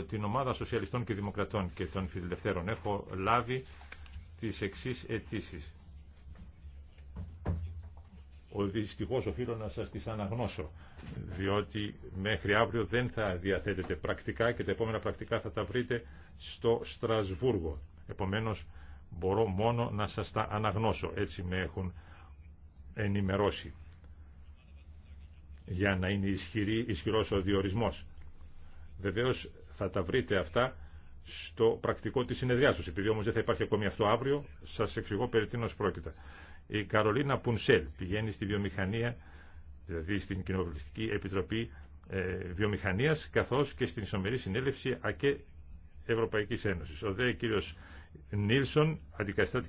την ομάδα Σοσιαλιστών και Δημοκρατών και των Φιλελευθέρων. Έχω λάβει τις εξής αιτήσει. Ο δυστυχώς οφείλω να σας τις αναγνώσω, διότι μέχρι αύριο δεν θα διαθέτετε πρακτικά και τα επόμενα πρακτικά θα τα βρείτε στο Στρασβούργο. Επομένως, μπορώ μόνο να σας τα αναγνώσω. Έτσι με έχουν ενημερώσει για να είναι ισχυρή, ισχυρός ο διορισμός. Βεβαίως θα τα βρείτε αυτά στο πρακτικό της συνεδριάσεως. Επειδή όμως δεν θα υπάρχει ακόμη αυτό αύριο, σας εξηγώ περί τίνος πρόκειται. Η Καρολίνα Πουνσέλ πηγαίνει στη βιομηχανία, δηλαδή στην Κοινοβουλευτική Επιτροπή ε, Βιομηχανίας, καθώς και στην Ισομερή Συνέλευση ΑΚΕ Ευρωπαϊκής Ένωσης. Ο δε κύριος Νίλσον αντικαθιστά